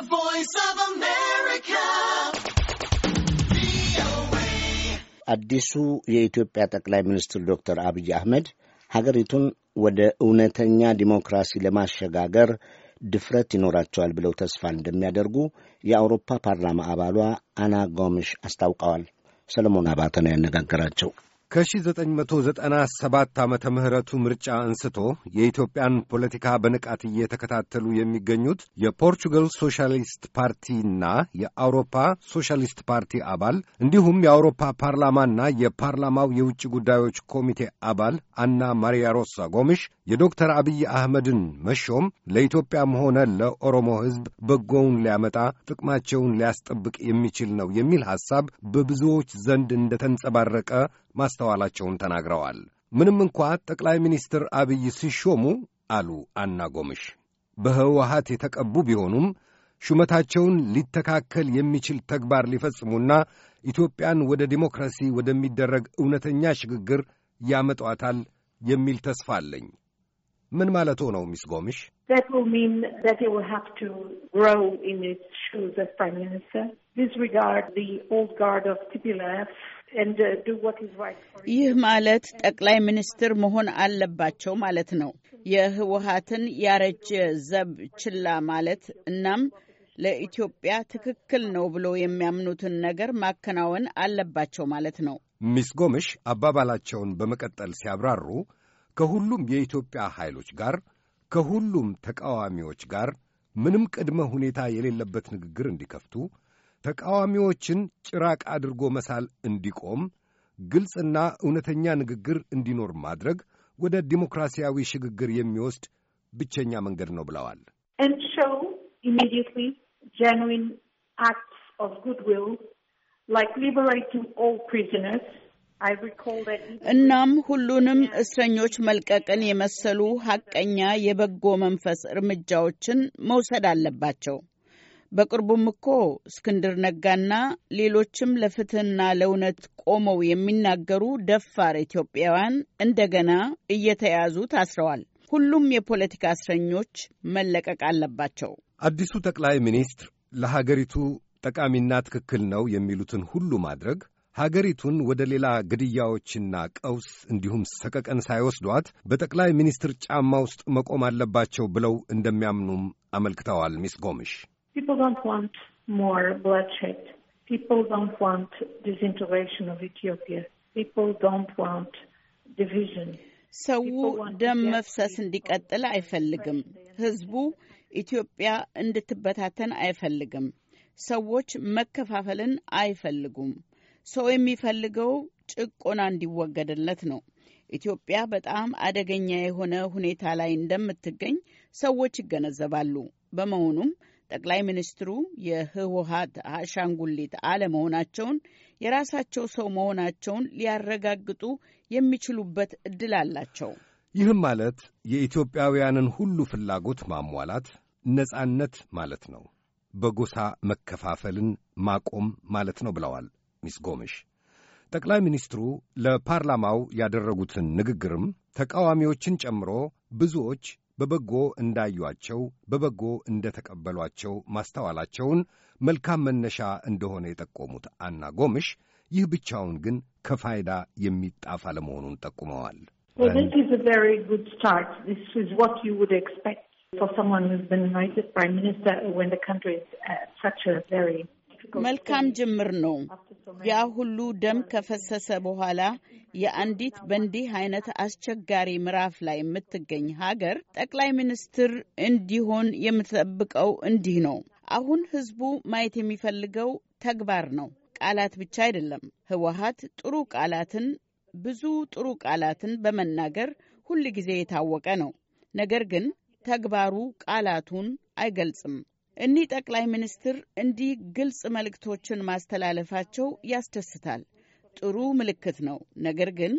The Voice of America. አዲሱ የኢትዮጵያ ጠቅላይ ሚኒስትር ዶክተር አብይ አህመድ ሀገሪቱን ወደ እውነተኛ ዲሞክራሲ ለማሸጋገር ድፍረት ይኖራቸዋል ብለው ተስፋ እንደሚያደርጉ የአውሮፓ ፓርላማ አባሏ አና ጎምሽ አስታውቀዋል። ሰለሞን አባተ ነው ያነጋገራቸው። ከ1997 ዓ ምሕረቱ ምርጫ አንስቶ የኢትዮጵያን ፖለቲካ በንቃት እየተከታተሉ የሚገኙት የፖርቹጋል ሶሻሊስት ፓርቲና የአውሮፓ ሶሻሊስት ፓርቲ አባል እንዲሁም የአውሮፓ ፓርላማና የፓርላማው የውጭ ጉዳዮች ኮሚቴ አባል አና ማሪያ ሮሳ ጎምሽ የዶክተር አብይ አህመድን መሾም ለኢትዮጵያም ሆነ ለኦሮሞ ሕዝብ በጎውን ሊያመጣ ጥቅማቸውን ሊያስጠብቅ የሚችል ነው የሚል ሐሳብ በብዙዎች ዘንድ እንደ ተንጸባረቀ ማስተዋላቸውን ተናግረዋል። ምንም እንኳ ጠቅላይ ሚኒስትር አብይ ሲሾሙ አሉ አና ጎምሽ በህወሀት የተቀቡ ቢሆኑም ሹመታቸውን ሊተካከል የሚችል ተግባር ሊፈጽሙና ኢትዮጵያን ወደ ዲሞክራሲ ወደሚደረግ እውነተኛ ሽግግር ያመጧታል የሚል ተስፋ አለኝ። ምን ማለት ነው ሚስ ጎምሽ? Uh, ይህ ማለት ጠቅላይ ሚኒስትር መሆን አለባቸው ማለት ነው። የህወሀትን ያረጀ ዘብ ችላ ማለት እናም ለኢትዮጵያ ትክክል ነው ብሎ የሚያምኑትን ነገር ማከናወን አለባቸው ማለት ነው። ሚስ ጎምሽ አባባላቸውን በመቀጠል ሲያብራሩ ከሁሉም የኢትዮጵያ ኃይሎች ጋር ከሁሉም ተቃዋሚዎች ጋር ምንም ቅድመ ሁኔታ የሌለበት ንግግር እንዲከፍቱ፣ ተቃዋሚዎችን ጭራቅ አድርጎ መሳል እንዲቆም፣ ግልጽና እውነተኛ ንግግር እንዲኖር ማድረግ ወደ ዲሞክራሲያዊ ሽግግር የሚወስድ ብቸኛ መንገድ ነው ብለዋል። ጀንዊን አክትስ ኦፍ ጉድዊል ላይክ ሊበሬቲንግ ኦል ፕሪዝነርስ እናም ሁሉንም እስረኞች መልቀቅን የመሰሉ ሀቀኛ የበጎ መንፈስ እርምጃዎችን መውሰድ አለባቸው። በቅርቡም እኮ እስክንድር ነጋና ሌሎችም ለፍትህና ለእውነት ቆመው የሚናገሩ ደፋር ኢትዮጵያውያን እንደገና እየተያዙ ታስረዋል። ሁሉም የፖለቲካ እስረኞች መለቀቅ አለባቸው። አዲሱ ጠቅላይ ሚኒስትር ለሀገሪቱ ጠቃሚና ትክክል ነው የሚሉትን ሁሉ ማድረግ ሀገሪቱን ወደ ሌላ ግድያዎችና ቀውስ እንዲሁም ሰቀቀን ሳይወስዷት በጠቅላይ ሚኒስትር ጫማ ውስጥ መቆም አለባቸው ብለው እንደሚያምኑም አመልክተዋል። ሚስ ጎምሽ ሰው ደም መፍሰስ እንዲቀጥል አይፈልግም። ህዝቡ ኢትዮጵያ እንድትበታተን አይፈልግም። ሰዎች መከፋፈልን አይፈልጉም። ሰው የሚፈልገው ጭቆና እንዲወገድለት ነው። ኢትዮጵያ በጣም አደገኛ የሆነ ሁኔታ ላይ እንደምትገኝ ሰዎች ይገነዘባሉ። በመሆኑም ጠቅላይ ሚኒስትሩ የህወሀት አሻንጉሊት አለመሆናቸውን የራሳቸው ሰው መሆናቸውን ሊያረጋግጡ የሚችሉበት እድል አላቸው። ይህም ማለት የኢትዮጵያውያንን ሁሉ ፍላጎት ማሟላት ነጻነት ማለት ነው። በጎሳ መከፋፈልን ማቆም ማለት ነው ብለዋል ሚስ ጎምሽ ጠቅላይ ሚኒስትሩ ለፓርላማው ያደረጉትን ንግግርም ተቃዋሚዎችን ጨምሮ ብዙዎች በበጎ እንዳዩአቸው በበጎ እንደተቀበሏቸው ማስተዋላቸውን መልካም መነሻ እንደሆነ የጠቆሙት አና ጎምሽ ይህ ብቻውን ግን ከፋይዳ የሚጣፍ አለመሆኑን ጠቁመዋል። መልካም ጅምር ነው። ያ ሁሉ ደም ከፈሰሰ በኋላ የአንዲት በእንዲህ አይነት አስቸጋሪ ምዕራፍ ላይ የምትገኝ ሀገር ጠቅላይ ሚኒስትር እንዲሆን የምትጠብቀው እንዲህ ነው። አሁን ህዝቡ ማየት የሚፈልገው ተግባር ነው፣ ቃላት ብቻ አይደለም። ህወሀት ጥሩ ቃላትን ብዙ ጥሩ ቃላትን በመናገር ሁል ጊዜ የታወቀ ነው። ነገር ግን ተግባሩ ቃላቱን አይገልጽም። እኒህ ጠቅላይ ሚኒስትር እንዲህ ግልጽ መልእክቶችን ማስተላለፋቸው ያስደስታል። ጥሩ ምልክት ነው። ነገር ግን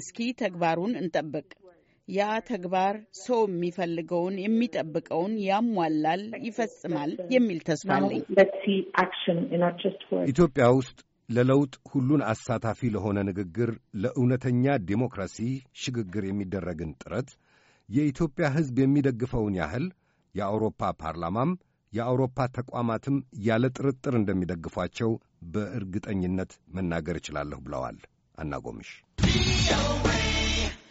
እስኪ ተግባሩን እንጠብቅ። ያ ተግባር ሰው የሚፈልገውን የሚጠብቀውን ያሟላል፣ ይፈጽማል የሚል ተስፋ አለኝ። ኢትዮጵያ ውስጥ ለለውጥ ሁሉን አሳታፊ ለሆነ ንግግር፣ ለእውነተኛ ዲሞክራሲ ሽግግር የሚደረግን ጥረት የኢትዮጵያ ሕዝብ የሚደግፈውን ያህል የአውሮፓ ፓርላማም የአውሮፓ ተቋማትም ያለ ጥርጥር እንደሚደግፏቸው በእርግጠኝነት መናገር እችላለሁ ብለዋል አናጎምሽ